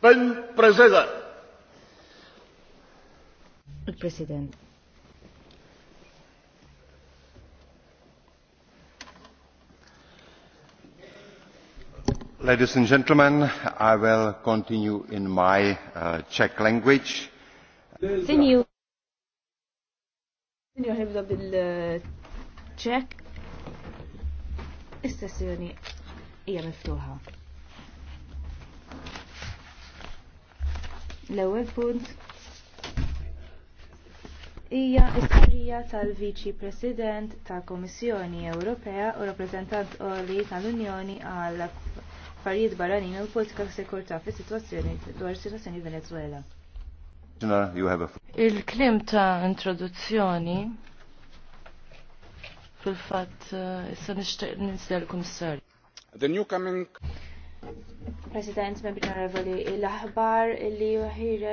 Pen prezeda. Il-President. Ladies and gentlemen, I will continue in my uh, Czech language. Continue. Continue bil-Czech. Uh, Istessjoni hija miftuħa. L-ewwel punt hija istqarrija tal-Viċi President tal-Kummissjoni Ewropea u rappreżentant qoli tal-Unjoni għal affarijiet barranin u politika sekurtà fis-sitwazzjoni dwar is-sitwazzjoni Venezuela. Il-klim ta' introduzzjoni fil-fatt eh, issa nixtieq ninsel kummissarju. The new coming President, membri onorevoli, l-aħbar li juħir